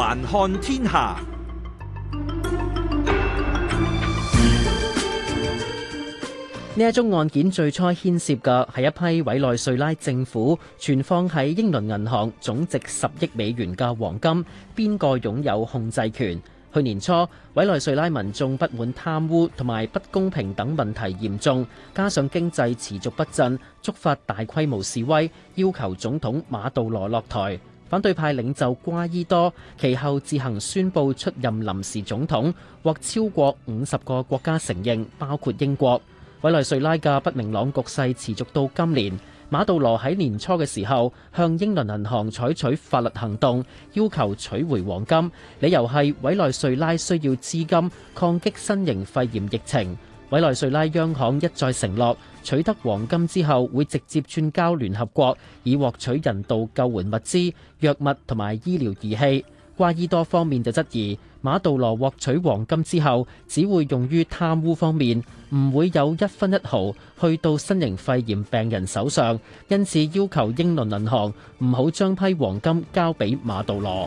環看天下，呢一宗案件最初牽涉嘅係一批委內瑞拉政府存放喺英倫銀行總值十億美元嘅黃金，邊個擁有控制權？去年初，委內瑞拉民眾不滿貪污同埋不公平等問題嚴重，加上經濟持續不振，觸發大規模示威，要求總統馬杜羅落台。反對派領袖瓜伊多其後自行宣布出任臨時總統，獲超過五十個國家承認，包括英國。委內瑞拉嘅不明朗局勢持續到今年。馬杜羅喺年初嘅時候向英倫銀行採取法律行動，要求取回黃金，理由係委內瑞拉需要資金抗擊新型肺炎疫情。委內瑞拉央行一再承諾取得黃金之後會直接轉交聯合國，以獲取人道救援物資、藥物同埋醫療儀器。瓜伊多方面就質疑馬杜羅獲取黃金之後只會用於貪污方面，唔會有一分一毫去到新型肺炎病人手上，因此要求英倫銀行唔好將批黃金交俾馬杜羅。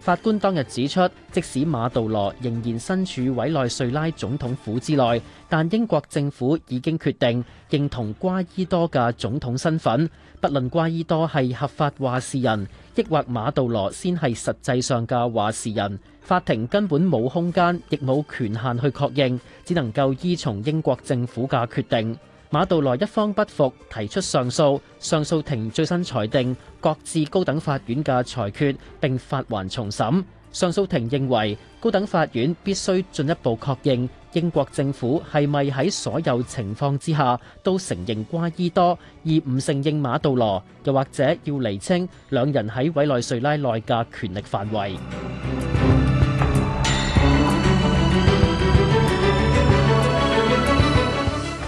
法官當日指出，即使馬杜羅仍然身處委內瑞拉總統府之內，但英國政府已經決定認同瓜伊多嘅總統身份，不論瓜伊多係合法話事人，抑或馬杜羅先係實際上嘅話事人，法庭根本冇空間，亦冇權限去確認，只能夠依從英國政府嘅決定。馬杜羅一方不服，提出上訴。上訴庭最新裁定擱置高等法院嘅裁決，並發還重審。上訴庭認為，高等法院必須進一步確認英國政府係咪喺所有情況之下都承認瓜伊多，而唔承認馬杜羅，又或者要釐清兩人喺委內瑞拉內嘅權力範圍。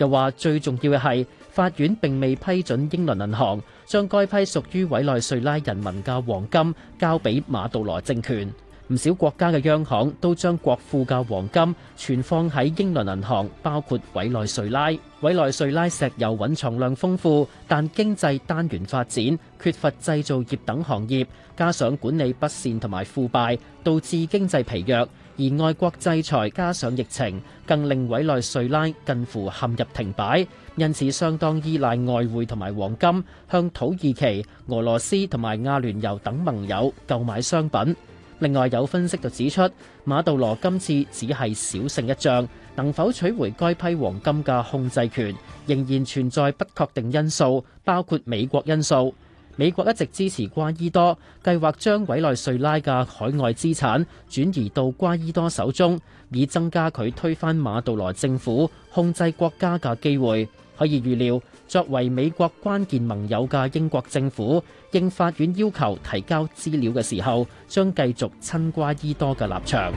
又話最重要嘅係，法院並未批准英倫銀行將該批屬於委內瑞拉人民嘅黃金交俾馬杜羅政權。唔少國家嘅央行都將國庫嘅黃金存放喺英倫銀行，包括委內瑞拉。委內瑞拉石油蘊藏量豐富，但經濟單元發展缺乏製造業等行業，加上管理不善同埋腐敗，導致經濟疲弱。而外國制裁加上疫情，更令委內瑞拉近乎陷入停擺，因此相當依賴外匯同埋黃金，向土耳其、俄羅斯同埋阿聯酋等盟友購買商品。另外有分析就指出，馬杜羅今次只係小勝一仗，能否取回該批黃金嘅控制權，仍然存在不確定因素，包括美國因素。美國一直支持瓜伊多，計劃將委內瑞拉嘅海外資產轉移到瓜伊多手中，以增加佢推翻馬杜羅政府、控制國家嘅機會。可以預料，作為美國關鍵盟友嘅英國政府，應法院要求提交資料嘅時候，將繼續親瓜伊多嘅立場。